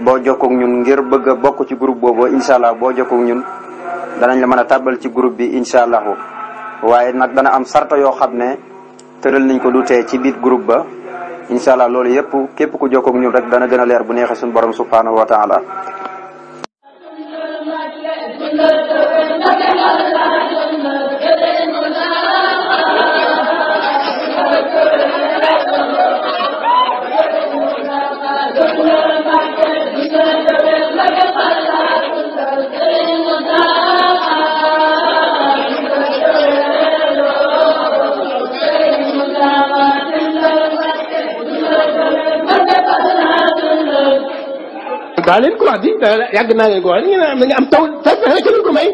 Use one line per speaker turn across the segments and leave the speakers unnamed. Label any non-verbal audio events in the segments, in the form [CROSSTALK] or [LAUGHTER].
boo jokkook ñun ngir bëgg bokk ci groupe boobu incha allah boo jokkook ñun danañ la mën a tàbbal ci group bi incha allahu waaye nag dana am sarta yoo xam ne tëral nañ ko du tee ci biir groupe ba incha loolu yëpp képp ku jokkook ñun rek dana gën a leer bu neexee suñu borom subhanahu wa taala daa ko wax di yàgg naa leen ko am taw fexe may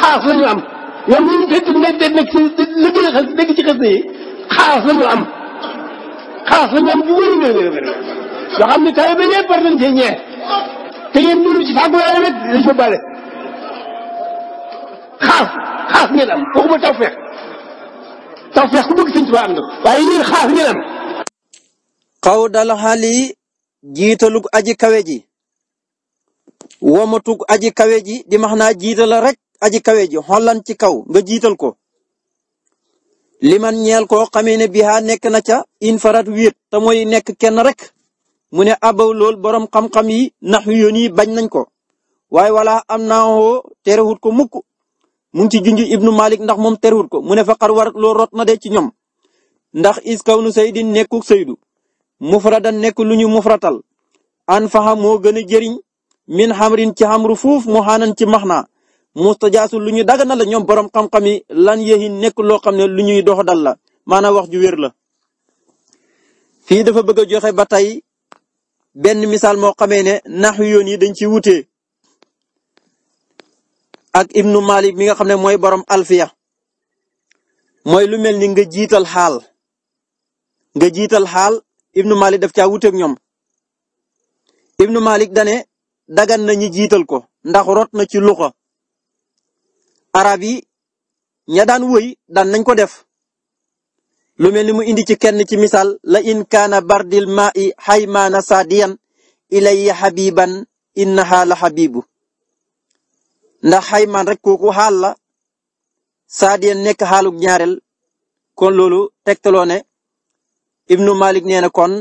xaas la am ñoom ñu ngi nekk nekk ci li gën a xas dégg ci xas yi xaas la ñu am xaas la am bu wér wér xam ne tawee ba ñëpp war nañ cee ñee te ngeen dund ci fàggu yàlla rek dañ ko xaas xaas am waxuma taw feex taw ku bëgg sëñ Tuubaa am na waaye yéen xaas ngeen am. xaw dal xali jiitalug aji kawe ji. womatug aji kawe ji di max naa jiitala rek aji kawe ji xollan ci kaw nga jiital ko liman ñeel koo xamee ne biha nekk na ca infarat wéet te mooy nekk kenn rek mu ne abaw lool borom xam-xam yi nax yu yoon yi bañ nañ ko waaye wala am naa woo terewut ko mukk mu ngi ci junj ibnu malik ndax moom terewut ko mu ne fa xar war lool rot na de ci ñoom ndax iskaw nu saydin nekkuk saydu mufradan nekk lu ñu mufratal an faxa moo gën a min xamrin ci xamru fuuf mu ci max naa mustajaasu lu ñu dagana la ñoom borom xam-xam yi lan yéexi nekk loo xam ne lu ñuy dox dal la maanaam wax ju wér la. fii dafa bëgg a joxe ba tey benn misaal moo xamee ne nax yoon yi dañ ci wute ak ibnu malik mi nga xam ne mooy borom alfiya mooy lu mel ni nga jiital xaal nga jiital xaal ibnu malik daf caa wuteeg ñoom ibnu malik dane dagan na ñi jiital ko ndax rot na ci luxa arab yi ña daan woy dan nañ ko def lu mel ni mu indi ci kenn ci misaal la in kaana bardil ma'i haymaana saadiyan ilayya habiban innaha la habibu ndax haymaan rek kooku xaal la saadiyan nekk xaaluk kon loolu tegtaloo ne ibnu malik nee kon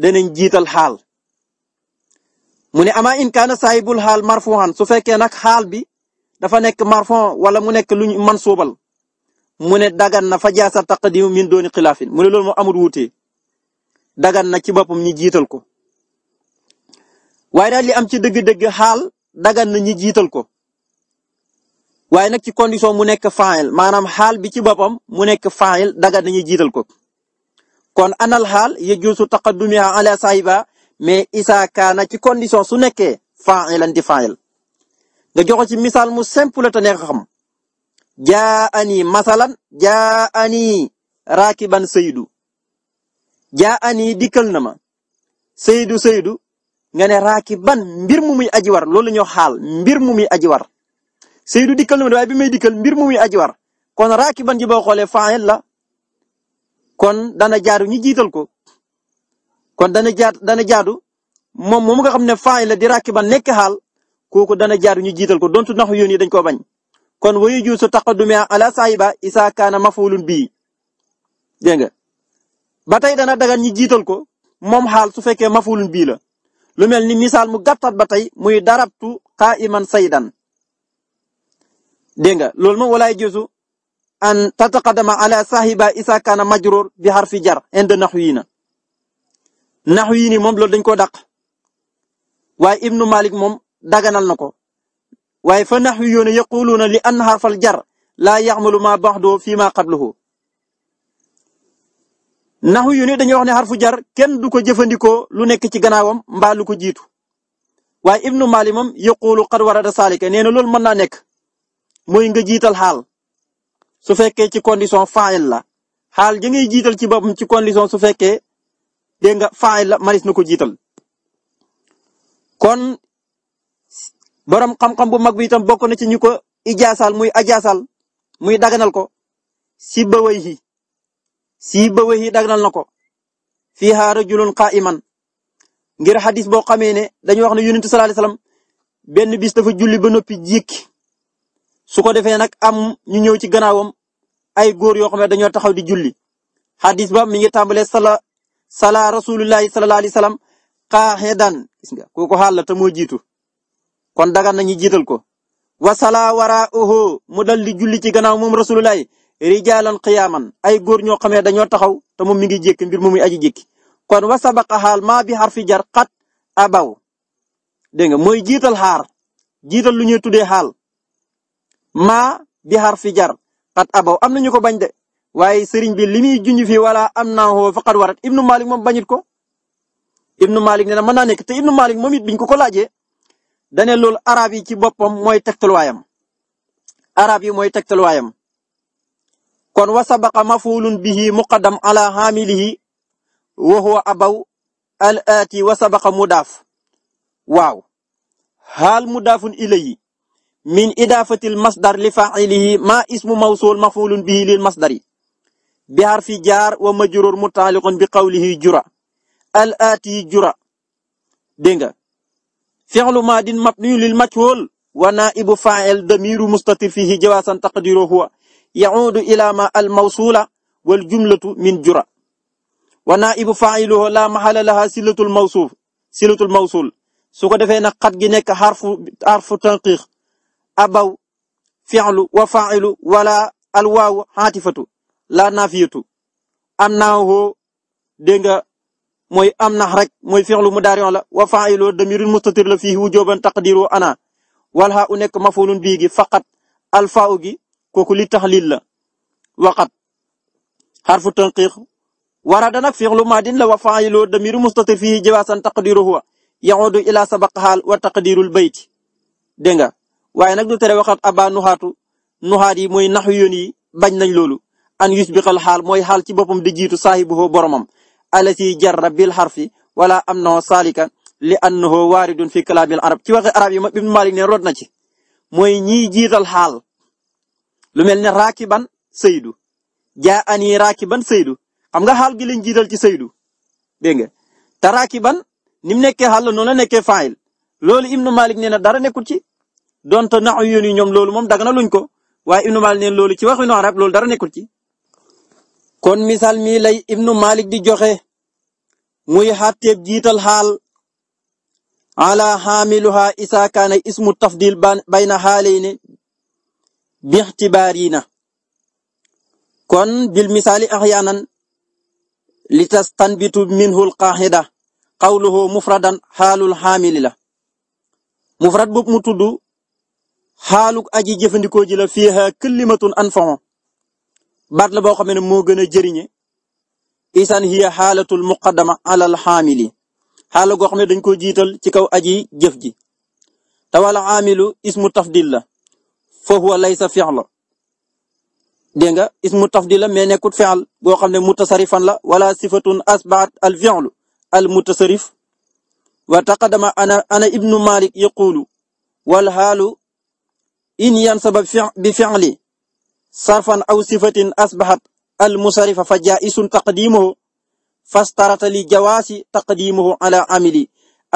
danañ jiital xaal mu ne ama in kaana saahibul xaal marfuhan su fekkee nag xaal bi dafa nekk marfon wala mu nekk luñ man suubal mu ne dagan na fa jaasa taqdim min dooni xilaafin mu ne loolu moo amul wuute dagan na ci boppam ñi jiital ko waaye daal li am ci dëgg-dëgg xaal dagan na ñi jiital ko waaye nag ci condition mu nekk faayil maanaam xaal bi ci boppam mu nekk faayil dagan na ñi jiital ko kon anal xaal yajuusu taqaddumiha ala saahiba mais isa kaana ci condition su nekkee fa'ilan di fa'il nga joxe ci misaal mu simple te neex xam jaa ani masalan jaa ani raakiban saydu jaa ani dikkal na ma saydu saydu nga ne raakiban mbir mu muy aji war loolu la ñuy xaal mbir mu muy aji war saydu dikkal na ma waaye bi may dikkal mbir mu muy aji war kon raakiban ji boo xoolee fa'il la kon dana jaaru ñi jiital ko. kon dana jaad dana jaadu moom moom nga xam ne faa'il la di rakiban nekk xaal kooku dana jaadu ñu jiital ko dontu naxu yoon yi dañ koo bañ kon wa yajuuzu taqaddumi ala saahiba isa kaana maf'ulun bii dégg nga ba tey dana dagan ñi jiital ko moom xaal su fekkee maf'ulun bii la lu mel ni misaal mu gàttat ba tey muy darabtu qaa'iman saydan dégg nga loolu moom wala yajuuzu an tataqaddama ala saahiba isa kaana majruur bi harfi jar inda naxwiina naxu yi nii moom loolu dañ koo dàq waaye ibnu malik moom daganal na ko waaye fa naxu yoon na li an xarfal jar laa yaxmalu ma baxdoo fii ma qabluhu naxu yu ne dañuy wax ne xarfu jar kenn du ko jëfandikoo lu nekk ci gannaawam mbaa lu ko jiitu waaye ibnu malik moom yaqulu qad warada saalika nee na loolu mën naa nekk mooy nga jiital xaal su fekkee ci condition faayil la xaal ja ngay jiital ci boppam ci condition su fekkee dégg nga faa'il la manis na ko jiital kon borom xam-xam bu mag bi itam bokk na ci ñu ko ijaasaal muy ajaasaal muy daganal ko si baway yi si baway yi daganal na ko fiihaa rajulun qaa'iman ngir xadis boo xamee ne dañu wax ne yonent sallallahu alayhi benn bis dafa julli ba noppi jékki su ko defee nag am ñu ñëw ci gannaawam ay góor yoo xam ne dañoo taxaw di julli xadis ba mi ngi tàmbalee sala sala rasulullahi sallallahu alayhi wasallam qaahidan gis nga kooku moo jiitu kon dagan nañu jiital ko wa sala waraahu mu dal di julli ci gannaaw moom rasulullahi rijaalan qiyaaman ay góor ñoo xamee dañoo taxaw te moom mi ngi jékki mbir mu muy aji jékki kon wa sabaqa xaal maa bi xarfi jar xat abaw dégg nga mooy jiital xaar jiital lu ñuy tuddee xaal maa bi xarfi jar xat abaw am na ñu ko bañ de waaye sëriñ bi li muy junj fii wala am naa woo warat ibnu malik moom bañit ko ibnu malik nee na mën naa nekk te ibnu malik moom it biñ ko ko laajee dane loolu arab yi ci boppam mooy tegtalwaayam arab yi mooy tegtalwaayam kon wa sabaqa mafulun bihi muqaddam ala hamilihi wa abaw al aati wa sabaqa mudaaf waaw haal mudaafun min idaafatil masdar li faa'ilihi ma ismu mawsul mafulun bihi lil masdari bi harfi jaar wa majruur mutaaliqun bi qawlihi jura al aati jura dégg nga fi'lu maadin mabniyun lil majhuul wa naa'ibu faa'il damiiru mustatir fiihi jawaasan taqdiiruhu huwa ya'uudu ilaa ma al mawsuula wal jumlatu min jura wa naa'ibu faa'iluhu laa mahalla laha silatul mawsuuf silatul mawsuul su ko defee nag gi nekk xarfu xarfu abaw fi'lu wa faa'ilu wala al waawu laa naafiyatu am naa woo dégg nga mooy am nax rek mooy fi'lu mudaari'un la wa faa'ilu damirun mustatir la fiihi wujuban taqdiru ana wal haa u nekk mafulun bii gi faqat alfaaw gi kooku li taxlil la waqat xarfu tanqiq warada nag fi'lu maadin la wa faa'ilu damirun mustatir fiihi jawaasan taqdiru huwa yaudu ila sabaq xaal wa taqdirul bayt dégg nga waaye nag du tere waxat abaa nuxaatu nuxaat yi mooy naxu yoon yi bañ nañ loolu an yusbiqal xaal mooy xaal ci boppam di jiitu saahibuhu boromam alati jarra bil xarfi wala am noo salika li an annahu waaridun fi kalaamil arab ci waxi arab yi ma ibnu malik ne root na ci mooy ñiy jiital xaal lu mel ne raakiban saydu jaa ani raakiban saydu xam nga xaal gi lañ jiital ci saydu dégg nga te raakiban ni mu nekkee xaal la noonu la nekkee faayil loolu ibnu malik nee na dara nekkul ci donte naxu yoon yi ñoom loolu moom na luñ ko waaye ibnu malik nen loolu ci waxi arab loolu dara nekkul ci kon misaal mii lay malik di joxe muy xàtteeb jiital xaal ala xaamiluha isa kaana ismu tafdil bayna xaalayni bi kon bil misaali axyaanan li tastanbitu minhu lqaaxida qawluhu mufradan xaalul xaamili mufrad boobu mu tudd xaaluk aji jëfandikoo ji la fiiha kalimatun anfa'u baat la boo xam ne moo gën a jëriñe isaan hiya xaalatul muqaddama alal xaamili xaala goo xam ne dañ ko jiital ci kaw aji jëf ji te wala xaamilu ismu tafdil la fa huwa laysa fi'la dégg nga ismu tafdil la mais nekkut fi'l boo xam ne mutasarifan la wala sifatun asbaat al fi'lu al mutasarif wa taqaddama ana ana ibnu malik yaqulu wal xaalu in yansaba bi fi'li sarfan aw sifatin asbaxat al musarifa fa jaisun taqdimuhu fastarata li jawaasi taqdimuhu ala amili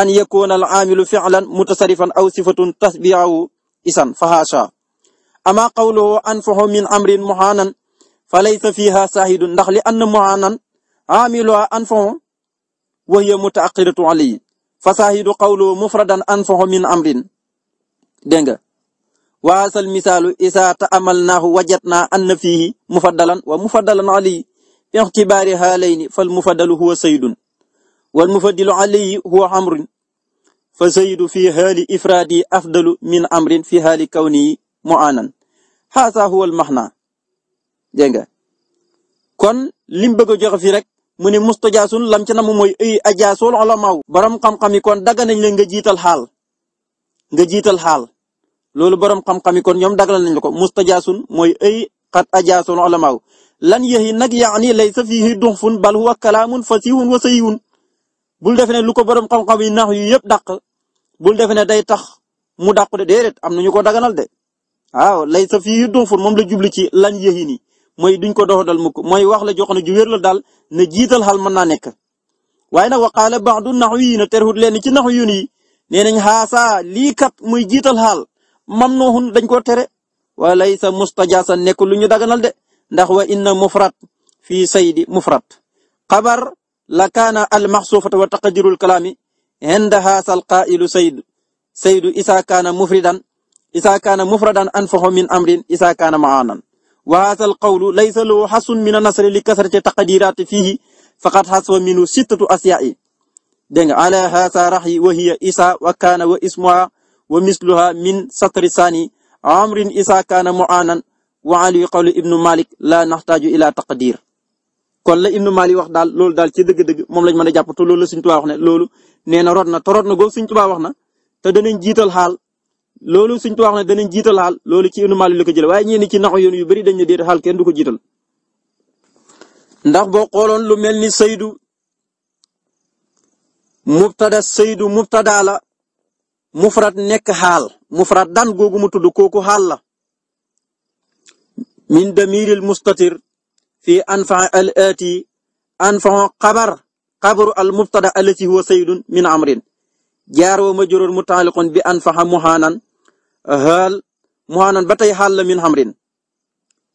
an yakuna al amilu filan mutasarifan aw sifatun tasbiahu isan fa haasha ama qawluhu anfaxu min amrin muhanan fa laysa fiha sahidun ndax li ann muhanan amiluha anfaxu wa hiya mutaaqiratu alayhi fa sahidu qawluhu mufradan anfaxu min amrin dégg waasal misaalu isaa ta amal naahu anna fiihi mufaddalan wa mufaddalan alayhi bi ixtibaari fal mufaddalu huwa saydun wal mufaddalu alayhi huwa amrun fa saydu fi haali ifraadi afdalu min amrin fi haali kawnihi muanan xaasa huwa al maxna dégg kon lim bëgg a joxe fii rek mu ne mustajaasun lam ci nam ay ajaasul ulamaaw borom xam-xam yi kon dagga nañ nga jiital xaal nga jiital xaal loolu borom xam-xam yi kon ñoom dagal nañ la ko mustajaasun mooy ay xat ajaasul ulamaaw lan yéexi nag yaani laysa fiihi duxfun bal huwa kalaamun fasihun wa sayihun bul defe ne lu ko borom xam-xam yi nax yu yëpp dàq bul defe ne day tax mu dàqu de déedéet am na ñu ko daganal de waaw laysa fiihi duxfun moom la jubli ci lan yéexi nii mooy duñ ko doxal dal mukk mooy wax la jox na ju wér la daal ne jiital xal mën naa nekk. waaye nag waqaale ba'du naxwiyiina terewut leen ci naxwiyuun yi nee nañ xaasaa lii kat muy jiital xaal mamnuhun dañ koo tere wa laysa mustajaasan nekkul lu ñu daganal de ndax wa inna mufrat fii saydi mufrat xabar la kaana al maxsuufata wa taqdirul kalaami inda haasal qaa'ilu saydu saydu isaa kaana mufridan isaa kaana mufradan anfaxu min amrin isaa kaana maanan wa haasal qawlu laysa lahu xasun min anasri li kasrati taqdiraati fiihi faqad xaswa minhu sittatu asiyaa'i dégg nga haasa raxyi wa hiya isaa wa kaana wa ismuha wa misluha min satri sani amrin isa kaana muanan wa ali qawlu ibnu malik la naxtaaju ila taqdir kon la ibnu malik wax daal loolu daal ci dëgg-dëgg moom lañ mën a jàpp te loolu la suñ tubaa wax ne loolu nee na rot na te rot na googu suñ tubaa wax na te danañ jiital xaal loolu suñ tubaa wax ne danañ jiital xaal loolu ci ibnu malik la ko jëlee waaye ñenn ci naxu yoon yu bari dañ ne xaal kenn du ko jiital ndax boo xooloon lu mel ni saydu mubtada saydu mubtada mufrad nekk xaal mufrad dan googu mu tudd kooku la min damiril mustatir fi anfa al ati anfa xabar xabaru al mubtada allati huwa saydun min amrin jaar wa majrur mutaaliqun bi anfaxa muhaanan xaal muhaanan ba tey xaal la min amrin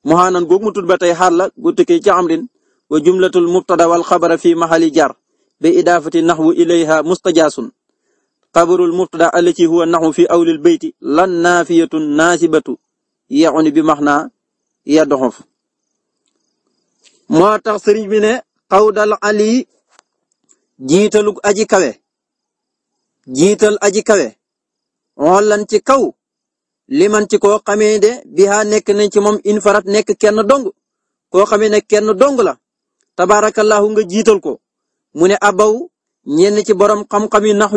muhaanan googu mu tudd ba tey xaal la gu tukkee ci amrin wa jumlatul mubtada wal xabara fi maxali jaar bi idaafati naxwu ilayha mustajaasun xabarul mubtada allati huwa naxu fi awlil bayti lan naafiyatun naasibatu yaxuni bi max naa ya doxof moo tax sëriñ bi ne xawdal ali jiitalug aji kawe jiital aji kawe lan ci kaw liman ci koo xamee de biha nekk nañ ci moom infarat nekk kenn dong koo xamee ne kenn dong la tabaarakallahu nga jiital ko mu ne abaw ñenn ci borom xam-xam yi nax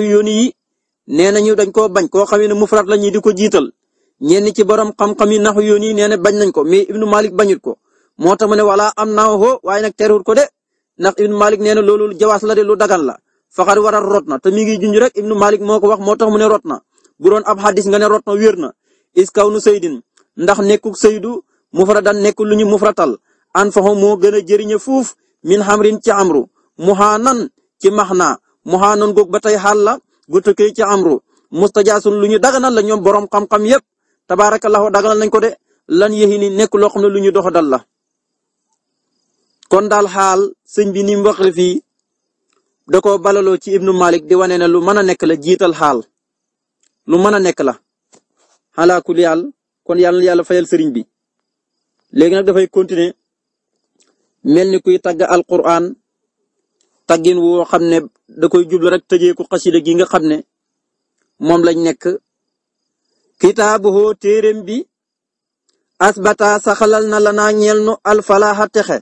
nee nañu dañ koo bañ koo xam ne mufrat la ñi di ko jiital ñenn ci borom xam-xam yi naxu nee na bañ nañ ko mais Ibnu Malik bañut ko moo tax mu ne wala am naa ko waaye nag terewul ko de ndax Ibnu Malik nee na loolu jawaas la de lu dagan la faxar waral rot na te mi ngi junj rek Ibnu Malik moo ko wax moo tax mu ne rot na bu doon ab xadis nga ne rot na wér na iskaw nu saydin ndax nekkuk saydu mufradan nekkul lu ñu mufratal an faxo moo gën a jëriñe fuuf min xamrin ci amru muxaanan ci maxnaa muxaanan goog ba tey xaal la bu tukkee ci amru mustajaasun lu ñu daganal la ñoom borom xam-xam yépp tabaarakallahu daganal nañ ko de lan yéexi ni nekk loo xam ne lu ñu dox dal la. kon sëñ bi ni mu waxee fii da koo balaloo ci ibnu Malik di wane ne lu mën a nekk la jiital xaal lu mën a nekk la. ala kulli kon yàlla yàlla fayal sëriñ bi léegi dafay continuer mel ni kuy tagg alquran taggin woo xam ne da koy jublu rek tëjee ko xasida gi nga xam ne moom lañ nekk kitaabuhoo téeréem bi asbata saxalal na lanaa ñeel nu alfalaaxa texe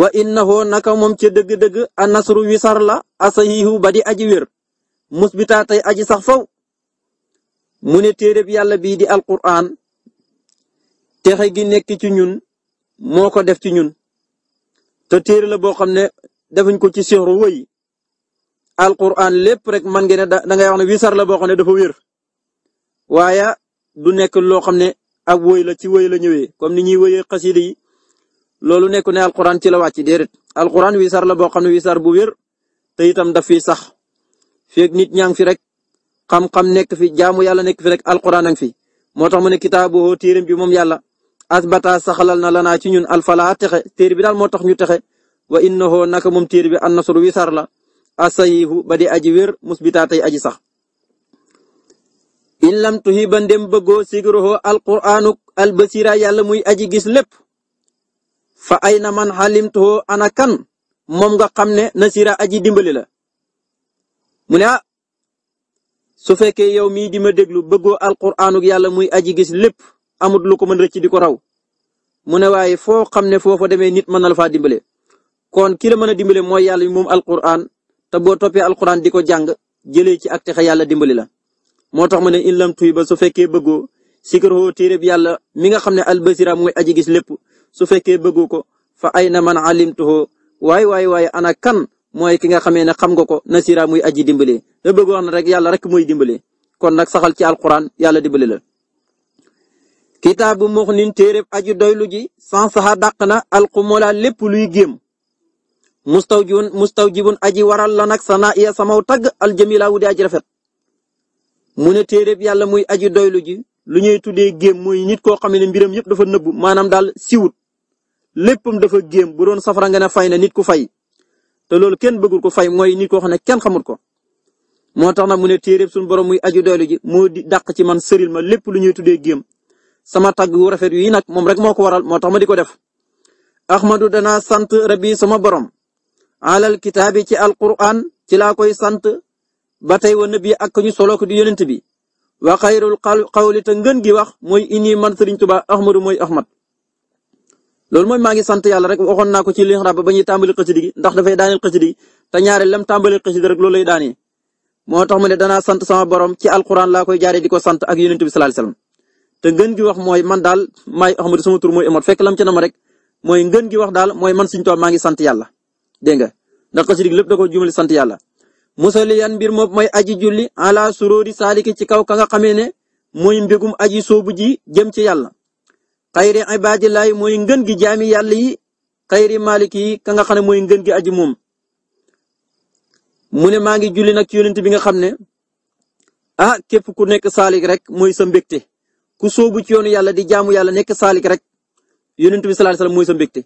wa innahoo naka moom ca dëgg-dëgg a nasru wisar la asahihu ba di aji wér musbita tey aji sax faw mu ne téeréb yàlla bii di alquran texe gi nekk ci ñun moo ko def ci ñun te téere la boo xam defuñ ko ci woy wëy alquran lépp rek man ngeen ne da dangay wax ne wisar la boo xam ne dafa wér waaye du nekk loo xam ne ab wëy la ci wëy la ñëwee comme ni ñuy wëyee xasida yi loolu nekk ne alquran ci la wàcc déedéet alquran wisar la boo xam ne wisar bu wér te itam daf fiy sax feeg nit ñaa ngi fi rek xam-xam nekk fi jaamu yàlla nekk fi rek alquran a ngi fi moo tax mu ne kitaabu téereem bi moom yàlla bata saxalal na lanaa ci ñun alfalaa texe téere bi daal moo tax ñu texe wa innahu naka moom téere bi an nasru wisaar la asayihu ba di aji wér musbitaa tey aji sax. in lam ba ndem bëggoo sigiroxoo alquraanu albasira yàlla muy aji gis lépp. fa ay na man xalimtuhoo ana kan moom nga xam ne nasira aji dimbali la. mu ne ah, su fekkee yow mii di ma déglu bëggoo alquraanu yàlla muy aji gis lépp amut lu ko mën rëcc di ko raw. mu ne waaye foo xam ne foofa demee nit mën na la faa dimbale. kon ki la mën a dimbale mooy yàlla bi moom alquran te boo toppee alquran di ko jàng jële ci ak texe yàlla dimbali la moo tax ma ne in lam tuy ba su fekkee bëggoo sikaroo téereb yàlla mi nga xam ne albasira mooy aji gis lépp su fekkee bëggoo ko fa ay na man alimtuhu waay waay waay ana kan mooy ki nga xamee ne xam nga ko na nasira muy aji dimbale da bëgg wax na rek yàlla rek mooy dimbale kon nag saxal ci alquran yàlla dimbale la kitaabu muxnin téereb aji doylu ji sans saxa dàq na alxumala lépp luy géem mustawjibun mustawjibun aji waral la nag sana iya samaw tagg aljamila wu di aji rafet mu ne téereb yàlla muy aji doylu ji lu ñuy tuddee géem mooy nit koo xam ne mbiram yëpp dafa nëbbu maanaam daal siwut léppam dafa géem bu doon safara nga ne fay na nit ku fay te loolu kenn bëggul ko fay mooy nit koo xam ne kenn xamut ko moo tax nag mu ne téereb suñu borom muy aji doylu ji moo di dàq ci man sëril ma lépp lu ñuy tuddee géem sama tagg wu rafet yi nag moom rek moo ko waral moo tax ma di ko def ahmadu dana sant rabbi sama borom alal kitaabi ci alquran ci laa koy sant ba tey wa nabi ak ñu solo ko di yonent bi wa xayrul xawli te ngën gi wax mooy ini man sëriñ Tuubaa Ahmadu mooy Ahmad loolu mooy maa ngi sant yàlla rek waxoon naa ko ci liñ rab ba ñuy tàmbali xasida gi ndax dafay daaneel xasida gi te ñaareel lam tàmbali xasida rek lool lay daanee moo tax ma ne danaa sant sama borom ci alquran laa koy jaaree di ko sant ak yonent bi sallallahu alayhi te ngën gi wax mooy man daal maay Ahmadu sama tur mooy Ahmad fekk lam ci nam rek mooy ngën gi wax daal mooy man sëriñ Tuubaa maa ngi sant yàlla dégg nga ndax xasida lépp da ko jumali sant yàlla musaliyan mbir moom mooy aji julli ala suróori saaliki ci kaw ka nga xamee ne mooy mbégum aji soobu ji jëm ci yàlla xayri ibadillahi mooy ngën gi jaami yàlla yi xayri maliki yi ka nga xam ne mooy ngën gi aji moom mu ne maa ngi julli nag ci yonent bi nga xam ne ah képp ku nekk saalik rek mooy sa mbégte ku soobu ci yoonu yàlla di jaamu yàlla nekk saalik rek yonent bi sallallahu alayhi wasallam mooy sa mbégte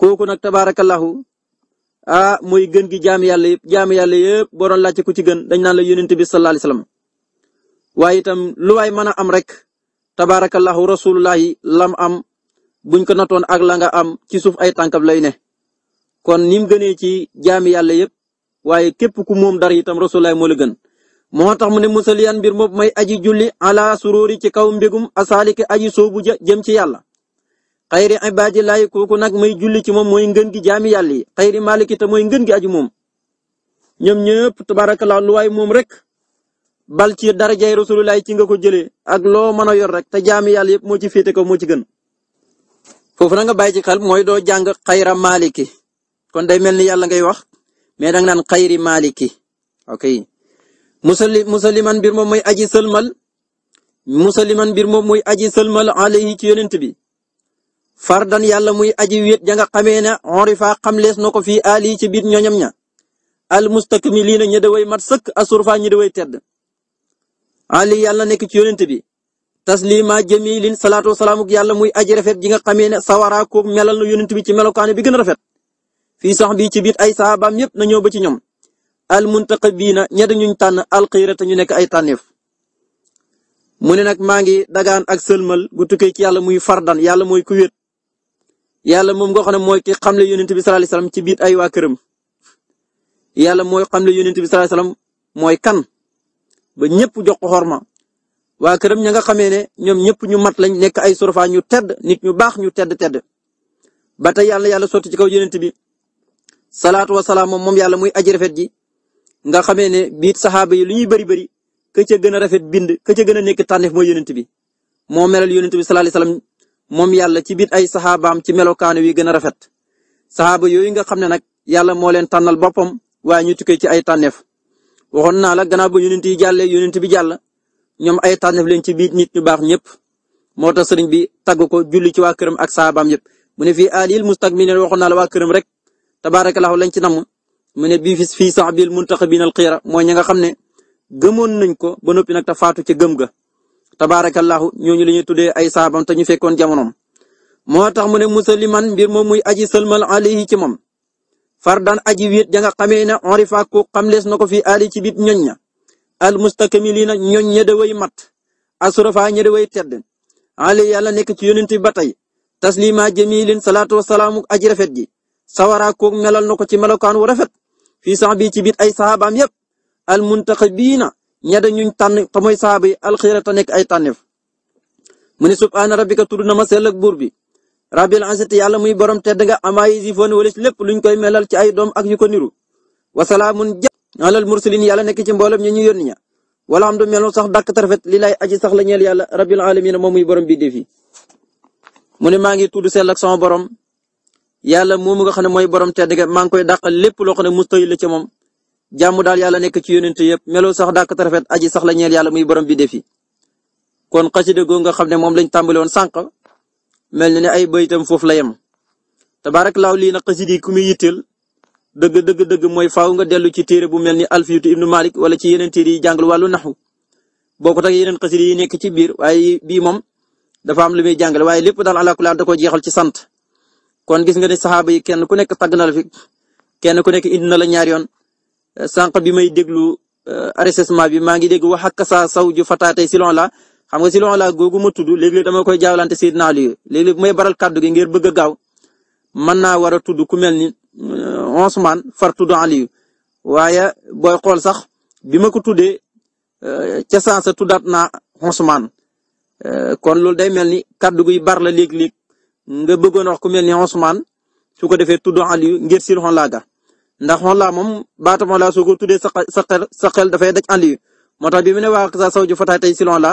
kooku nag tabarakallahu ah mooy gën gi jaami yàlla yëpp jaami yàlla yëpp boo doon laajte ku ci gën dañ naan la yonent bi sallallahu alayhi wasallam waaye itam lu waay mën a am rek tabaarakallahu rasulullahi lam am buñ ko natoon ak la nga am ci suuf ay tànkam lay ne. kon ni mu gënee ci jam yàlla yëpp waaye képp ku moom dara itam rasulullahi moo la gën moo tax mu ne musaliyan mbir moom may aji julli ala sururi ci kaw mbégum asaaliki aji soobu ja jëm ci yàlla. xayri ibaadillaahi kooku nag may julli ci moom mooy ngën gi jaami yàlla yi xayri maaliki te mooy ngën gi aju moom ñoom ñëpp tabaarakallaa lu waay moom rek bal ci darajay rasulullaahi ci nga ko jëlee ak loo mën a yor rek te jaami yàlla yëpp moo ci féete ko moo ci gën foofu na nga bàyyi ci xel mooy doo jàng xayra kon day mel ni yàlla ngay wax mais danga naan xayri maaliki ok musali musaliman mbir moom mooy aji sëlmal musaliman mbir moom mooy aji sëlmal alayhi ci yonent bi fardan yàlla muy aji wéet ja nga xamee ne onrifa xamlees na ko fii ali ci biir ñoñam ña al mustakmiliina ñi daway mat sëkk asurfa ñi daway tedd ali yàlla nekk ci yonent bi taslima jamilin salaatu wasalaamu yàlla muy aji rafet ji nga xamee ne sawara ko melal na yonent bi ci melokaane bi gën a rafet fii sax bi ci biir ay saabaam yépp na ñëw ba ci ñoom al muntaqabiina ña ñu tànn alxirata ñu nekk ay tànneef mu ne nag maa ngi dagaan ak sëlmal gu tukkee ci yàlla muy fardan yàlla mooy ku yàlla moom nga xam ne mooy ki xamle yonent bi sallallahu alayhi wasallam ci biir ay waa këram yàlla mooy xamle yonent bi sallallahu alayhi wasallam mooy kan ba ñëpp jox ko xorma waa këram ña nga xamee ne ñoom ñëpp ñu mat lañ nekk ay surfa ñu ted nit ñu baax ñu tedd tedd ba tey yàlla yàlla sotti ci kaw yonent bi salaat wa salaam moom moom yàlla muy aji rafet ji nga xamee ne biit saxaaba yi lu ñuy bëri bëri ka ca gën a rafet bind ka ca gën a nekk tànneef mooy yonent bi moo melal yonent bi sallallahu alayhi moom yàlla ci biir ay saxaabaam ci melokaanu wi gën a rafet saxaaba yooyu nga xam ne nag yàlla moo leen tànnal boppam waaye ñu tukkee ci ay tànneef waxoon naa la gannaaw ba yonent yi jàllee yonent bi jàll ñoom ay tànneef leen ci biir nit ñu baax ñëpp moo tax sëriñ bi tagg ko julli ci waa këram ak saxaabaam yëpp mu ne fii alil mustakmilin waxoon naa la waa këram rek a lañ ci namm mu ne bii fii saxabil muntaxabin al xiira mooy ñi nga xam ne gëmoon nañ ko ba noppi nag ta faatu ca gëm ga tabaarakallaahu ñooñu la tuddee ay saabam te ñu fekkoon jamonoom. moo tax mu ne musaliman mbir moom muy aji sëlmal alayhi ci moom. daan aji wéet ja nga xamee ne orifa ku xamlees na ko fi ali ci bit ñoñ ña. al mustakmiliina ñoñ ña da way mat. asurafa ña da way tedd. ali yàlla nekk ci yonent bi ba tey. taslima jamilin salaatu wasalaamu aji rafet ji. sawara koog melal na ko ci melokaan wu rafet. fii sax bii ci bit ay sahabaam yépp. al muntaqibiina ñade ñuñ tànn te mooy saaba yi alxira te nekk ay tànneef mu ne subhaana rabbika tudd na ma sell buur bi rabbil izzati yàlla muy borom tedd nga amaa yisifoon wala lépp luñ koy melal ci ay doom ak yu ko niru wasalaamun ja alal mursalin yàlla nekk ci mboolem ñi ñu yónni ña wala am du melu sax dàkk tarafet li lay aji sax la ñeel yàlla rabbil alamin moom muy borom bi def yi ne maa ngi tudd sell ak sama borom yàlla moomu nga xam ne mooy borom tedd nga maa ngi koy dàqal lépp loo xam ne mustahil la ci moom jàmm daal yàlla nekk ci yonent yëpp melo sax dàkk te rafet aji sax la ñeel yàlla muy borom bi defi kon xasida googu nga xam ne moom lañ tàmbali woon sànq mel na ne ay baytam foofu la yem tabaarakallaaw lii nag xasida yi ku muy yitteel dëgg dëgg dëgg mooy faaw nga dellu ci téere bu mel ni alfiyatu ibnu malik wala ci yeneen téere yi jàngal wàllu naxu bokkut ak yeneen xasida yi nekk ci biir waaye bii moom dafa am lu muy jàngale waaye lépp daal alaa kulli da ko jeexal ci sant kon gis nga ne saxaaba kenn ku nekk tàgg na la kenn ku nekk indi na la ñaar yoon sànq bi may déglu euh, arrêtissement bi maa ngi dégg wax ak kasa saw ju fataatee silon la xam nga silon la googu ma tudd léeg-léeg koy jaawlante Seydina Aliou léeg may baral kàddu ngir bëgg a gaaw mën naa war a tudd ku mel ni euh, Ousmane far tudd Aliou waaye booy xool sax bi ma ko tuddee euh, ca sansa tuddaat naa kon loolu day mel ni kàddu guy bar la léeg-léeg nga bëggoon wax ku mel ni Ousmane su ko defee tudd Aliou ngir silon ndax xoolaa moom baata moolaa soo ko tuddee sa xel sa dafay daj àll moo tax bi mu ne waa sa saw ju fataay tey silon la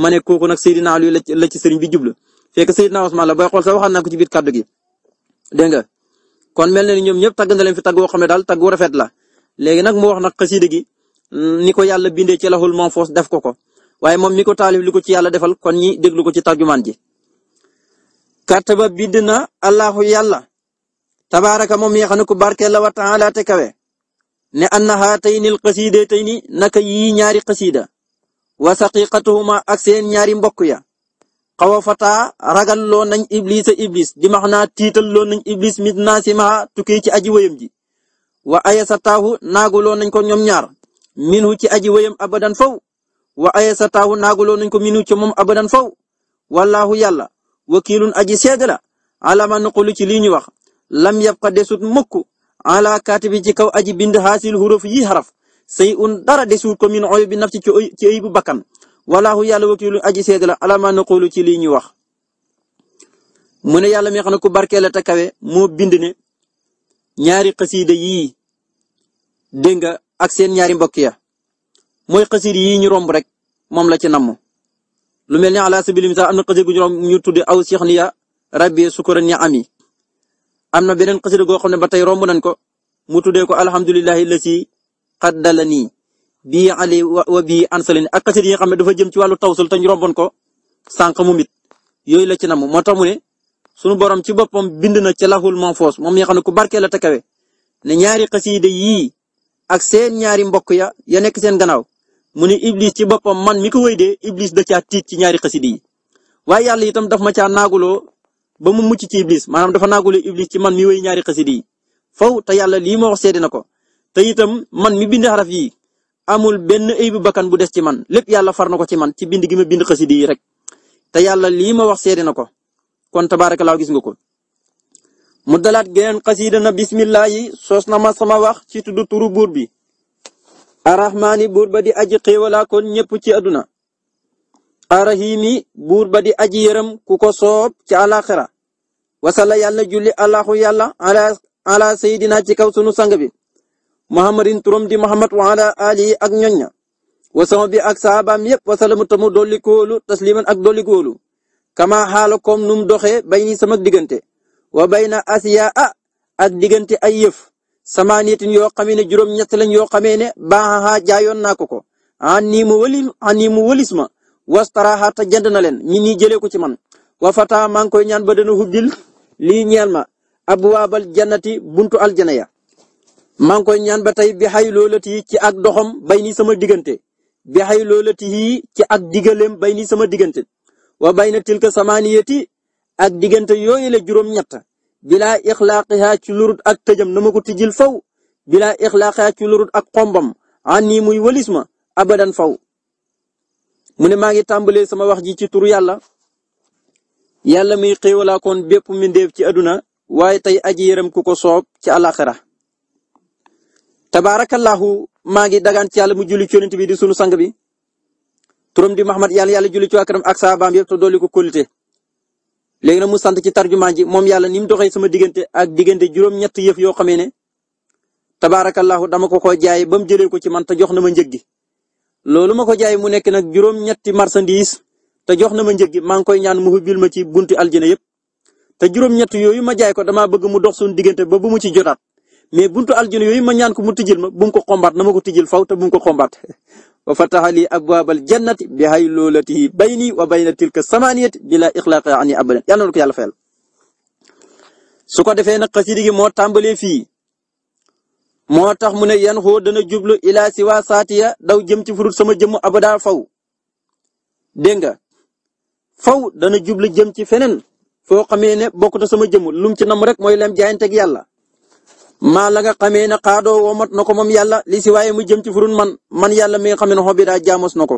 ma ne kooku nag Seydina Aliou la ci la ci sëriñ bi jublu fekk Seydina Ousmane la booy xool sax waxaat naa ko ci biir gi dégg nga kon mel na ni ñoom ñëpp tagg na leen fi tagg woo xam ne daal tagg wu la léegi nag mu wax nag xasida gi ni ko yàlla bindee ci laxul moom foos def ko ko waaye moom mi ko taalif li ko ci yàlla defal kon ñi déglu ko ci tarjumaan ji kataba na allahu yàlla tabaraka moom mi nga xam ne ku barkeel la wa taala te kawe ne annaha taynil qasidatayni naka yi ñaari qasida wa saqiqatuhuma ak seen ñaari mbokk ya xawa fataa ragal loo nañ iblisa iblis bi max naa tiital loo nañ iblis mit naa si maa ci aji wayam ji wa ayasataahu naagu loo nañ ko ñoom ñaar minhu ci aji wayam abadan faw wa ayasataahu naagu loo nañ ko minhu ci moom abadan faw wallaahu yàlla wakiilun aji seede la alama nuqulu ci lii ñu wax lam yabqa desut mukk ala katibi ci kaw aji bind xaasil huruf yi xaraf say un dara desut ko min bi naf ci ci ay bu bakkan walaahu yàlla wakiilu aji seede la alama naqulu ci lii ñu wax. mu ne yàlla mi xam ne ku barkeela te kawe mo bind ne ñaari xasiida yi dégg nga ak seen ñaari mbokk ya mooy xasiid yii ñu romb rek moom la ci namm. lu mel ne ala sabili misaal am na xasiid gu ñu romb ñu tudde aw siix niya rabbi sukkuran ya ami am na beneen xasida goo xam ne ba romb nañ ko mu tuddee ko alhamdulilahi la si xaddala nii bii ali wa bii ansalani ak xasida yi nga ne dafa jem ci wàllu tawsul te ñu romboon ko sànq mu mit yooyu la ci namu moo tax mu ne sunu borom ci boppam bind na ci lahul manfoos moom mi nga xam ne ku barkee la te kawe ne ñaari xasida yi ak seen ñaari mbokk ya ya nekk seen gannaaw mu ne Iblis ci boppam man mi ko wéy dee Iblis da caa tiit ci ñaari xasida yi waaye yàlla daf ma caa ba mu mucc ci iblis maanaam dafa naagule iblis ci man mi wéy ñaari xasida yi faw te yàlla lii ma wax seede na ko te itam man mi bind xaraf yi amul benn aybu bakkan bu des ci man lépp yàlla far na ko ci man ci bind gi ma bind xasida yi rek te yàlla lii ma wax seede na ko kon tabaarakallaa gis nga ko mu dalaat geneen xasida na bismillahi soos na ma sama wax ci tudd turu buur bi arrahmaani buur ba di aji xéewalaa kon ci àdduna arahimi buur ba di aji yërëm ku ko soob ci alaxira wasala yàlla na julli allahu yàlla ala ala ci kaw sunu sang bi muhammadin turam di muhammad wa ala alihi ak ñoñña wasama bi ak saabaam yépp wasalamu tamu dolli tasliman ak dolli kóolu kama xaala koom num doxee bay ni sama diggante wa bay na asiya a ak diggante ay yëf samaaniyatin yoo xamee ne juróom-ñett lañ yoo xamee ne baaxaa jaayoon naa ko ko mu wëli wastaraha te jënd na leen ñi nii jëlee ko ci man wa fata maa ngi koy ñaan ba dana hubbil lii ñeel ma abwaabal jannati buntu aljana ya maa ngi koy ñaan ba tey bi xay loolati ci ak doxam bay ni sama diggante bi xay loolati ci ak digaleem bay ni sama diggante wa bay na tilka samaaniyati ak diggante yooyu la juróom-ñett bilaa ixlaaqiha ci lurut ak tëjam na ma ko tijjil faw bilaa ixlaaqiha ci lurut ak xombam an nii muy wëlis ma abadan faw mu ne maa ngi tàmbalee sama wax ji ci turu yàlla yàlla mi xéewalaa koon bépp mbindeef ci àdduna waaye tey aji yërëm ku ko soob ci àllaaxira tabaarakallaahu maa ngi dagaan ci yàlla mu julli ci yonent bi di sunu sang bi turam di Muhammad yàlla yàlla julli ci waa këram ak saabaam yëpp te dolli ko kóllite léegi nag mu sant ci tarjumaa ji moom yàlla ni mu doxee sama diggante ak diggante juróom-ñett yëf yoo xamee ne tabaarakallaahu dama ko ko jaay ba mu jëlee ko ci manta te jox na ma njëg gi loolu ma ko jaay mu nekk nag juróom-ñetti marchandise te jox na ma njëg gi maa ngi koy ñaan mu hubbil ma ci bunti aljana yëpp te juróom-ñett yooyu ma jaay ko damaa bëgg mu dox suñu diggante ba bu mu ci jotaat mais buntu aljana yooyu ma ñaan ko mu tijjil ma bu mu ko xombaat na ma ko tijjil faw te bu mu ko xombaat [LAUGHS] wa fataha li abwaabal jannati bi haylulatihi bayni wa bayna tilka samaniyati bila ixlaaqi ani abadan yàlla na ko yàlla fayal su ko defee na xasida gi moo tàmbalee fii moo tax mu ne yan xoo dana jublu ilaa si waa saatiya daw jëm ci furut sama jëmm abada faw dégg nga faw dana jublu jëm ci feneen foo xamee ne bokkut sama jëmm lum ci nam rek mooy lem jaayanteeg yàlla. maa la nga xamee ne xaadoo womat na ko moom yàlla li si waaye mu jëm ci furut man man yàlla mi nga xam ne xob bi daa jaamos na ko.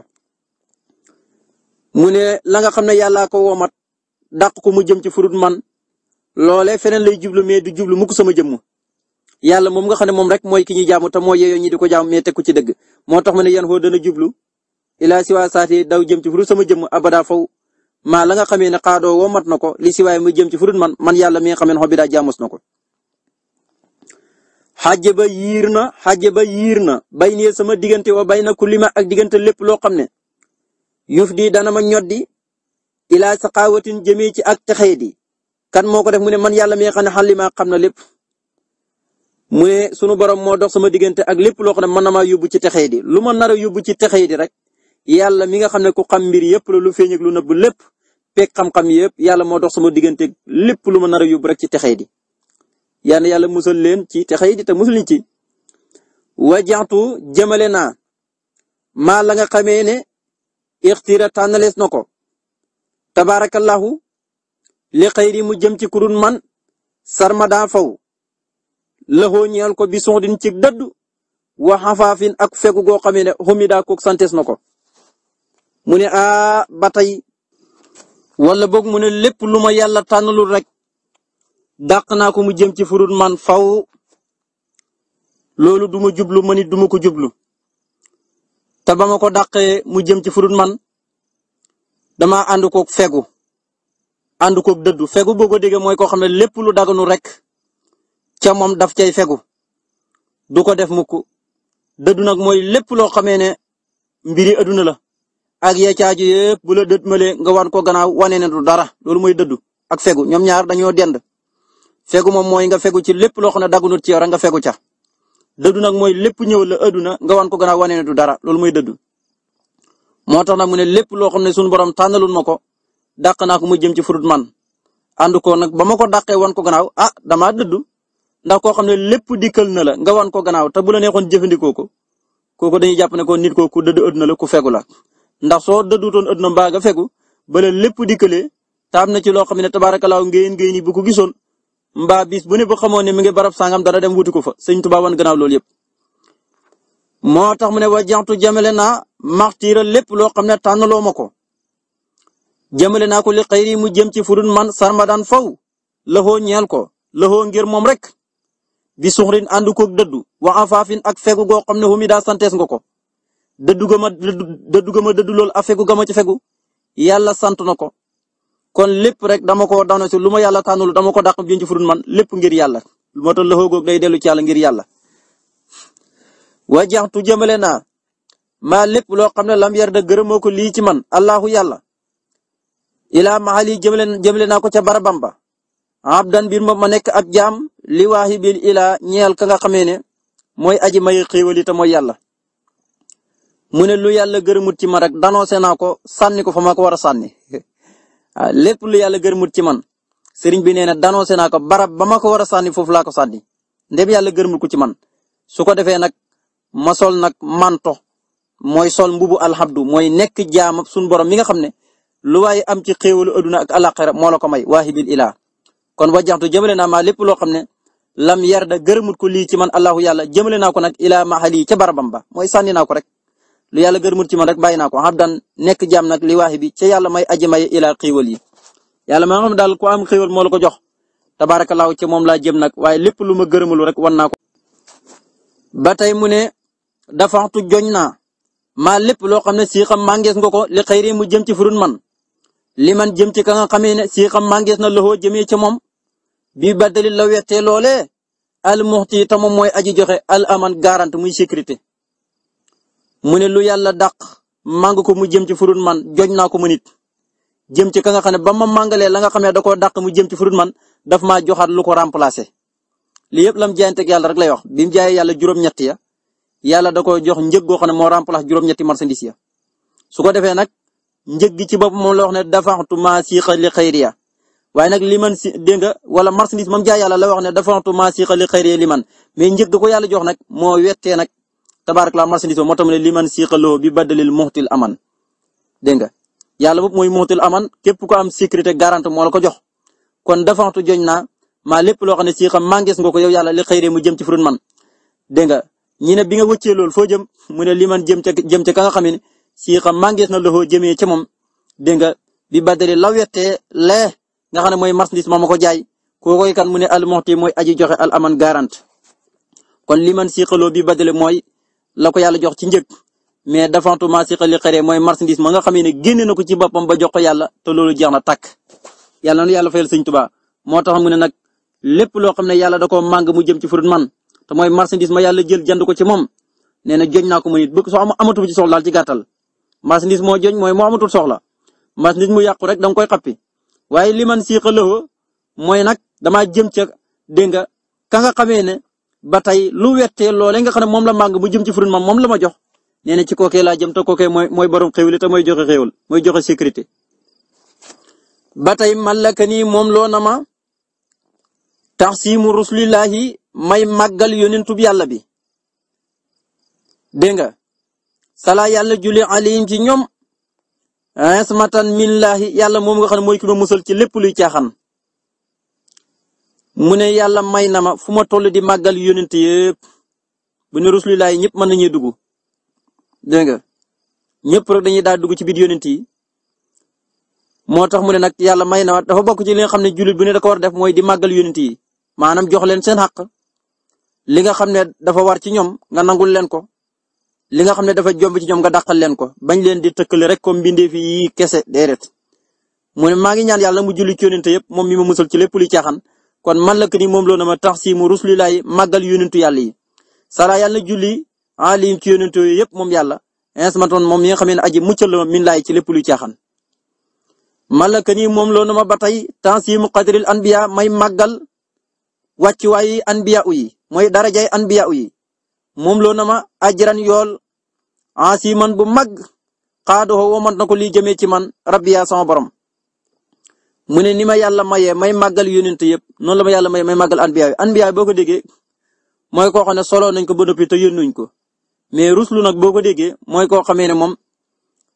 mu ne la nga xam ne yàllaa ko womat dàq ko mu jëm ci furut man loolee feneen lay jublu mais du jublu mukk sama jëmm. yàlla moom nga xam ne moom rek mooy ki ñuy jaamu te moo yeeyoo ñi di ko jaamu mais teg ko ci dëgg moo tax ma ne yan xoo dana jublu ilaa siwaa saati daw jëm ci furu sama jëmm abada faw maa la nga xamee ne xaadoo mat na ko li si waaye jëm ci furut man man yàlla mi nga xamee ne xob bi daa jaamus na ko ba yiir na xàjje ba yiir na bay nee sama diggante bay na ku lima ak diggante lépp loo xam ne yuuf di dana ma ñoddi ilaa saxaawatin jëmee ci ak texee di kan moo ko def mu ne man yàlla mi nga xam ne xam na lépp mu sunu borom moo dox sama diggante ak lépp loo xam ne mën na maa yóbbu ci texey di lu ma nar a yóbbu ci texey di rek yàlla mi nga xam ne ku xam mbir yëpp la lu feeñ ak lu nëbb lépp peeg xam-xam yëpp yàlla moo dox sama diggante lépp lu ma nar a yóbbu rek ci texey di yal na yàlla musal leen ci texey di te musul ñu ci wajaxtu jëmale na maa la nga xamee ne ixtira tànnalees na ko tabaarakallahu li xëyri mu jëm ci kurun man sarmadaa faw lëxoo ñeel ko bi sondin ci dëdd wa xafaafin ak fegu goo xamee ne xumida kook santes na ko mu ne a ba tey wala boog mu ne lépp lu ma yàlla tànnalul rek dàq naa ko mu jëm ci furut man faw loolu du jublu ma nit du ko jublu te ba ma ko dàqee mu jëm ci furut man dama ànd koog fegu ànd koog dëddu fegu boo ko déggee mooy koo xam ne lépp lu daganu rek ca moom daf cay fegu du ko def mukk dëddu nag mooy lépp loo xamee ne mbiri adduna la ak ya caaju yëpp bu la dëdd malee nga wan ko gannaaw wane ne du dara loolu mooy dëddu ak fegu ñoom ñaar dañoo dend fegu moom mooy nga fegu ci lépp loo xam ne dagunut ci yow nga fegu ca dëddu nag mooy lépp ñëw la nga wan ko gannaaw wane du dara loolu mooy dëdu moo tax nag mu ne lépp loo xam ne sunu borom tànnalul ma ko dàq naa ko mu jëm ci furut man ànd ko nag ba ma ko dàqee wan ko gannaaw ah dama dëddu ndax koo xam ne lépp dikkal na la nga wan ko gannaaw te bu la neexoon jëfandikoo ko kooku dañuy jàpp ne ko nit kooku dëdd ëdd na la ku fegu ndax soo dëddutoon ëdd na mbaa nga fegu bala lépp dikkalee te am na ci loo xam ne tabaarakalaaw ngeen ngeen yi bu ko gisoon mbaa bis bu ne bu xamoon ne mi ngi barab sangam dara dem wuti ko fa sëñ Tuubaa wan gannaaw loolu yëpp. moo tax mu ne wa jaxtu jëmale naa maxtiira lépp loo xam ne tànnaloo ma ko jëmale naa ko li xëyri mu jëm ci fudun man sarma daan faw laxoo ñeel ko laxoo ngir moom rek bi suxrin ànd koog dëddu wa afaafin ak fegu goo xam ne humi daa santees nga ko ga ma dëddu ga ma dëddu lool ak fegu ga yàlla sant na ko kon lépp rek dama ko dana ci lu ma yàlla tànnul dama ko dàq biñ ci man lépp ngir yàlla lu ma toll goog day dellu ci yàlla ngir yàlla. wa jaxtu jëmale naa maa lépp loo xam ne lam yar da gërëmoo ko lii ci man allahu yàlla ilaa maxali jëmale jëmale naa ko ca barabam ba abdan bir ma ma nekk li waahibil ilaa ñeel ka nga xamee ne mooy aji may xéewal ta mooy yàlla. mu ne lu yàlla gërëmut ci man rek danoose naa ko sànni ko fa ma ko war a sànni [LAUGHS] ah, lépp lu yàlla gërëmut ci man sëriñ bi nee na danoose naa ko barab ba ma ko war a sànni foofu laa ko sànni ndéem yàlla gërëmut ko ci man su ko defee nag ma sol nag manto mooy sol mbubu alhamdu mooy nekk jaam suñu borom mi nga xam ne lu waaye am ci xéewalu aduna ak alaxira moo la ko may waahibil ilaa kon wajaxtu jëmale naa ma lépp loo xam ne lam yarda gërëmut ko lii ci man allahu yàlla jëmale naa ko nag ilaa mahali ca barabam ba mooy sànni naa ko rek lu yàlla gërëmut ci man rek bàyyi naa ko abdan nekk jaam nag li waaxi bi ca yàlla may aji may ilaa xiiwal yi yàlla ma xam daal ku am xiiwal moo la ko jox tabaarakallaahu ci moom laa jëm nag waaye lépp lu ma gërëmalu rek wan naa ko. ba tey mu ne dafaxtu joñ naa maa lépp loo xam ne sii xam màngees nga ko li xëyri mu jëm ci furun man li man jëm ci ka nga xamee ne sii xam màngees na loxoo jëmee ci moom bi badali la wettee loolee al muxti te moom mooy aji joxe al aman garante muy sécurité mu ne lu yàlla dàq màng ko mu jëm ci furut man joñ naa ko ma nit jëm ci ka nga xam ne ba ma màngalee la nga xam ne da koo dàq mu jëm ci furut man daf maa joxaat lu ko remplacé lii yëpp lam jaayanteeg yàlla rek lay wax bi mu yàlla juróom ya yàlla da ko jox njëg goo xam ne moo remplacé juróom-ñetti marchandise ya su ko defee nag njëg ci bopp moom la wax ne dafaxtu maa siiqa li waaye nag liman si dégg nga wala marchandise mam jaay yàlla la wax ne dafantu maa si xali xëyree liman mais njëg ga ko yàlla jox nag moo wettee nag tabarak la marchandise moo tam ne liman si xaloo bi baddalil muxtil aman dégg nga yàlla boobu mooy muxtil aman képp ko am sécurité garante moo la ko jox kon dafantu joñ naa maa lépp loo xam ne si xam mangees nga ko yow yàlla li xëyree mu jëm ci furun man dégg nga ñi ne bi nga wëccee loolu foo jëm mu ne liman jëm ca jëm ca ka nga xam ne si xam mangees na loxoo jëmee ca moom dégg nga bi baddali la wettee lee nga xam ne mooy marchandise moo ma ko jaay kookoy kan mu ne al muxti mooy aji joxe al aman garant kon li man siqaloo bi badale mooy la ko yàlla jox ci njëg mais dafantu ma siqali xare mooy marchandise ma nga xamee ne génne na ko ci boppam ba jox ko yàlla te loolu jeex na tàkk yàlla na yàlla fayal sëñ Tuubaa moo tax mu ne nag lépp loo xam ne yàlla da koo màng mu jëm ci furut man te mooy marchandise ma yàlla jël jënd ko ci moom nee na joñ naa ko mu nit bëgg soo amatu ci soxla daal ci gàttal marchandise moo joñ mooy moo amatul soxla marchandise mu yàqu rek danga koy xappi waaye li man sii xëlëxoo mooy nag damaa jëm ca dégg nga ka nga xamee ne ba tey lu wettee loolee nga xam ne moom la màng mu jëm ci furun mam moom la ma jox nee ci kookee laa jëm te kookee mooy mooy borom xéwli te mooy joxe xéwal mooy joxe sécurité ba tey mallaka nii moom loo na ma taxsimu rusulillahi may màggal yonentub yàlla bi dégg nga sala yàlla julli ci ñoom ismatan millaahi yàlla moom nga xam ne mooy ki ma musal ci lépp luy caaxaan mu ne yàlla may na ma fu ma toll di màggal yónent yëpp bu ne rasulilaay ñëpp mën nañuy dugg dégg nga ñëpp rek dañuy daal dugg ci biir yónent yi moo tax mu ne nag yàlla may na ma dafa bokk ci li nga xam ne jullit bu ne da ko war def mooy di màggal yónent yi maanaam jox leen seen xàq li nga xam ne dafa war ci ñoom nga nangul leen ko li nga xam ne dafa jomb ci ñoom nga dàqal leen ko bañ leen di tëkkale rek comme mbindeef yi kese deret mu ne maa ngi ñaan yàlla mu julli ci yonente yëpp moom mi ma musal ci lépp luy caaxaan kon man la ko ni moom loo na ma tax si mu rusulilaay màggal yonentu yàlla yi sala yàlla julli alim ci yonente yooyu yëpp moom yàlla insmatoon moom mi nga xam ne aji muccal la ma min laay ci lépp luy caaxaan man la ko ni moom loo na ma ba tey tax si mu qadiril anbiya may màggal wàccuwaayi anbiya yi mooy darajay anbiya yi moom loo na ma ajran yool man bu mag xaadoo womat na ko lii jëmee ci man rabbi sama borom mu ne ni ma yàlla mayee may màggal yónent yëpp noonu la ma yàlla mayee may màggal anbiya yi anbiya yi boo ko déggee mooy koo xam ne solo nañ ko ba noppi te yónnuñ ko mais ruslu nag boo ko déggee mooy koo xamee ne moom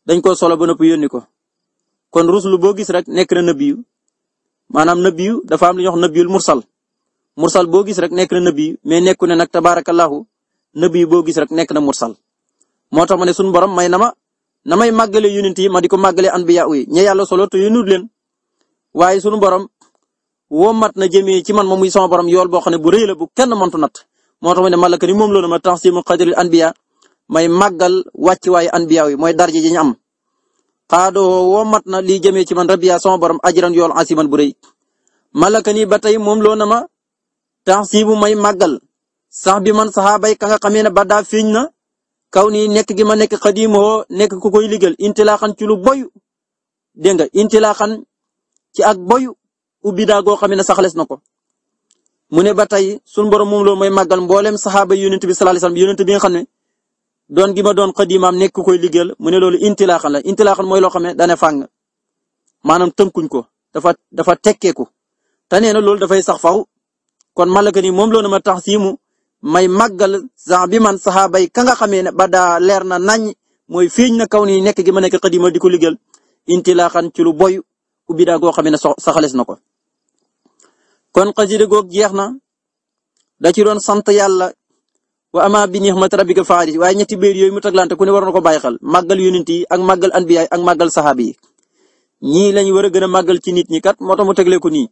dañ ko solo ba noppi yónni ko kon ruslu boo gis rek nekk na nabiyu maanaam nabiyu dafa am lu ñuy wax nabiyul mursal mursal boo gis rek nekk na nabiyu mais nekku ne nag tabaarakallaahu nabi boo gis rek nekk na mursal moo tax ma ne suñu borom may na ma na may màggale yonent yi ma di ko màggale anbiya yi ña yàlla solo te yónnuut leen waaye borom woo mat na jëmee ci man ma muy sama borom yool boo xam ne bu rëy bu kenn mëntu nat moo tax ma ne malaka ni moom loolu ma tansimu qadril anbiya may màggal wàcc waayu anbiya yi mooy darje ji am. xaadoo wo mat na lii jëmee ci man rabbiya sama borom ajran yool asiman bu rëy malaka ni ba tey may màggal. sax bi man saxaabay ka nga xamee ne baddaa feeñ na kaw nii nekk gi ma nekk xadiimoo nekk ku koy liggéeyal intilaaxan ci lu boyu dégg nga intilaaxan ci ak boy ubbi daa goo xam ne saxalees na ko mu ne ba tey sunu borom moom loolu mooy màggal mboolem saxaaba yonent bi sallallahu alayhi wasallam yonent bi nga xam ne doon gi ma doon xadiimaam nekk ku koy liggéeyal mu ne loolu intilaaxan la intilaaxan mooy loo xam ne dana fàng maanaam tënkuñ ko dafa dafa tekkeeku te nee na loolu dafay sax faw kon malaka ni na ma tax may màggal zan bi man saxaabay ka nga xamee ne ba leer na nañ mooy feeñ na kaw ni nekk gi ma nekk xadima di ko liggéeyal intilaaxan ci lu boy ubbi daa goo xam ne saxales na ko kon xasida goog jeex na da ci doon sant yàlla wa ama bi nixmat rabbika faari waaye ñetti béer yooyu mu taglante ku ne war na ko bàyyi xel màggal yonent yi ak màggal anbiya ak màggal saxaaba yi ñii lañ war a gën a màggal ci nit ñi kat moo tax mu teglee ko nii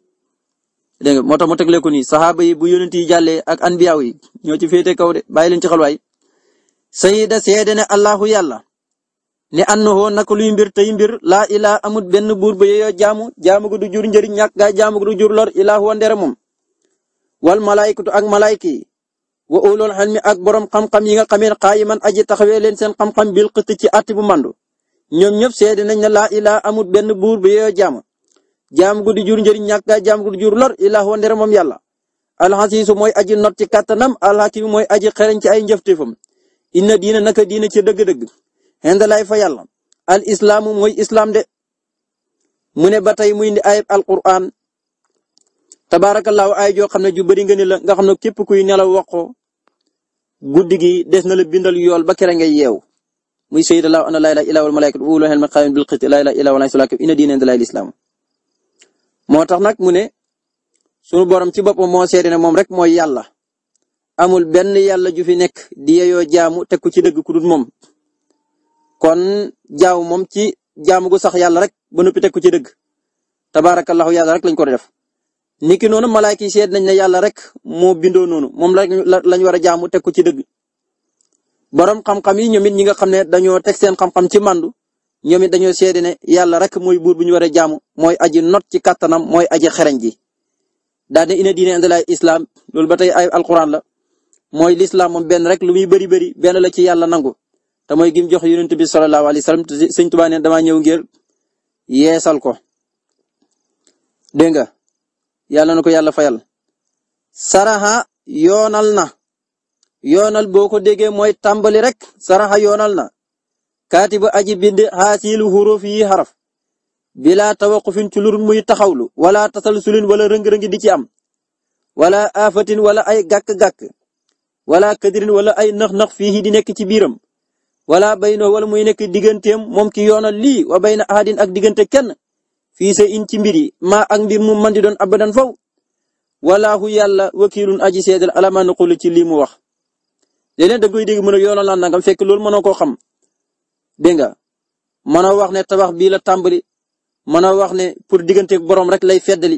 dégg nga moo tax mu tegle ko nii saxaaba yi bu yonent yi jàllee ak anbiyaaw yi ñoo ci féete kaw de bàyyi leen ci xel waay sayida seede ne allahu yàlla ne annahu naka luy mbir tey mbir laa ilaa amut benn buur ba yeyoo jaamu jaamu gu jur njëriñ ñàkk gaa jaamu gu jur lor ilaa huwa ndere moom wal malaayikatu ak malaayika yi wa ulul xelmi ak borom xam yi nga xameen xaayiman aji taxawee leen seen xam-xam bil xëtt ci atti bu mandu ñoom ñëpp seede nañ ne laa ilaa amut benn buur ba yeyoo jaamu jaam gu jur njëriñ ñàkk jaam gu di jur lor illaa huwa ndere moom yàlla alxasiisu mooy aji not ci kàttanam alxakimu mooy aji xereñ ci ay njëfteefam inna diina naka diina ci dëgg-dëgg xendalaay fa yàlla al islaamu mooy islam de mu ne ba tey muy indi ayib alquran tabaarakallaahu ay joo xam ne ju bëri nga ni la nga xam ne képp kuy nelaw wax ko guddi gi na la bindal yool ba kere ngay yeew muy sayyidallahu ana laa ilaaha illaa wal malaa'ikatu ulul ilmi qaaiman bil laa ilaaha illaa inna diina inda llaahi al islaam moo tax nag mu ne sunu borom ci boppam moo seede ne moom rek mooy yàlla amul benn yàlla ju fi nekk di yeyoo jaamu te ku ci dëgg ku dul moom kon jaamu moom ci jaamu gu sax yàlla rek ba noppi teg ku ci dëgg tabaarakallahu yàlla rek lañ ko def. niki noonu malaaka yi seet nañ ne yàlla rek moo bindoo noonu moom rek lañ war a jaamu teg ku ci dëgg borom xam-xam yi ñoom it ñi nga xam ne dañoo teg seen xam-xam ci màndu ñoom it dañoo seede ne yàlla rek mooy buur bu ñu war a jaamu mooy aji not ci kàttanam mooy aji xereñ ji daal ne ina diine indalaay islam loolu ba tey ay alquran la mooy lislaam moom benn rek lu muy bari bëri benn la ci yàlla nangu te mooy gim jox yonent bi sallallahu alayhi wasallam sëñ Tuubaa ne damaa ñëw ngir yeesal ko dégg nga yàlla na ko yàlla fayal saraxa yoonal na yoonal boo ko déggee mooy tàmbali rek saraxa yoonal na kaatibu aji bind xaasiilu xuruuf yi xaraf bilaa tawaqufin ci lurun muy taxawlu wala tasalsulin wala rëng-rëng di ci am wala afatin wala ay gàkk-gàkk wala kadirin wala ay nax-nax fii di nekk ci biiram wala bayno wala muy nekk digganteem moom ki yoonal lii wa bayna ahadin ak diggante kenn fii sa in ci mbir yi maa ak mbir mu man di doon fow faw walaahu yàlla wakiilun aji seedal na naqulu ci lii mu wax léeg-léeg da koy dégg mën a yoonal naan nangam fekk loolu mënoo koo xam dégg nga mënoo wax ne tabax bii la tàmbali mënoo wax ne pour digganteeg borom rek lay feddali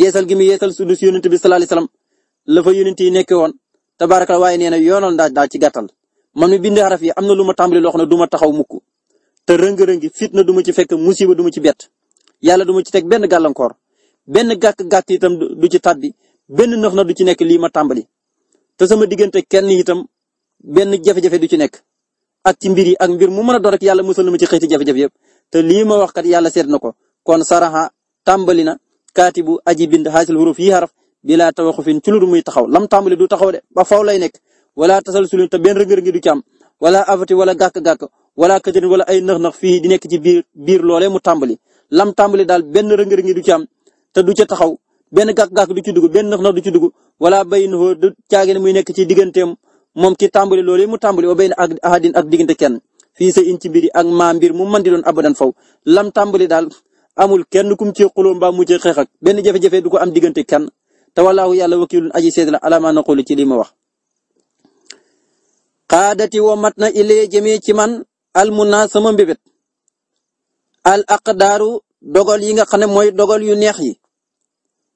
yeesal gi mu yeesal sunu si bi sallallahu alayhi wasallam la fa yonent yi nekkee woon tabaarakal waaye nee na yoonal ndaaj daal ci gàttal man mi bind xaraf yi am na lu ma tàmbali loo xam ne du ma taxaw mukk te rëng-rëngi fitna du ma ci fekk musiba du ma ci bett yàlla duma ci teg benn gàllankoor benn gàkk-gàkk itam du ci tàbbi benn nëx du ci nekk lii ma tàmbali te sama diggante kenn itam benn jafe du ci nekk ak ci mbir yi ak mbir mu mën a door ak yàlla musal na ma ci xeeti jafe-jafe yëpp te lii ma wax kat yàlla seet na ko kon saraxa tàmbali na kaatibu aji bind xaasil huruf yi xaraf bilaa tawaqufin ci lu muy taxaw lam tàmbali du taxaw de ba faw lay nekk wala tasal sulin te benn rëngër ngi du ci am wala afati wala gak gàkk wala këtërin wala ay nëx-nëx fii di nekk ci biir biir loolee mu tàmbali lam tàmbali daal benn rëngër ngi du ci am du ca taxaw benn gàkk-gàkk du ci dugg moom ki tàmbali loole mu tàmbali ba benn ak ak diggante kenn fii sa in ci mbiri ak maa mbir mu mën di doon abadan faw lam tàmbali daal amul kenn kum ci xuloo mbaa mu ci xeex ak benn jafe-jafe du am diggante kenn te wallaahu yàlla wakiilun aji seede la alaa maa naqulu ci lii ma wax. xaadati woo mat na ilee jëmee ci man almunaa sama mbébét al aqdaaru dogal yi nga xam ne mooy dogal yu neex yi.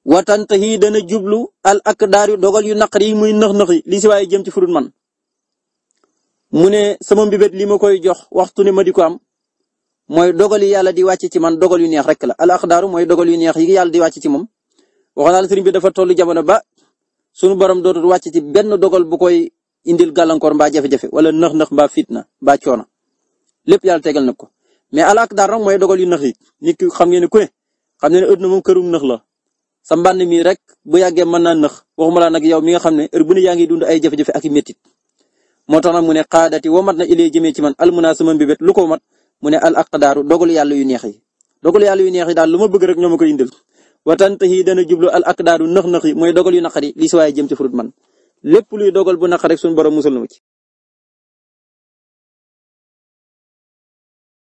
watantahi dana jublu al akdaar yu dogal yu naqar yi muy nëx nëx yi li si waaye jëm ci furut man mu ne sama mbibét li ma koy jox waxtu ne ma di ko am mooy dogal yi yàlla di wàcc ci man dogol yu neex rek la al akdaaru mooy dogal yu neex yi yàlla di wàcc ci moom waxoon naa la bi dafa toll jamono ba sunu borom dootul wàcc ci benn dogal bu koy indil gàllankoor mbaa jafe-jafe wala nëx nëx mbaa fitna mbaa coono lépp yàlla tegal na ko mais al akdaar nag mooy dogal yu nëx yi nit ki xam ngeen ne ku xam ngeen ne ëtt kërum nëx la sa band mi rek bu yàggee mën naa nëx waxuma laa nag yow mi nga xam ne heure bu yaa ngi dund ay jafe-jafe ak i métit moo tax nag mu ne xaadati womat na ilee jëmee ci man almuna sama mbibét lu ko mat mu ne al aqdaaru dogalu yàlla yu neex yi dogalu yàlla yu neex yi daal lu ma bëgg rek ñoo ma koy indil watantahi dana jublu al aqdaaru nëx-nëx yi mooy dogal yu naqari li si waaye jëm ci furut man lépp luy dogal bu naqar rek suñu borom musal na ma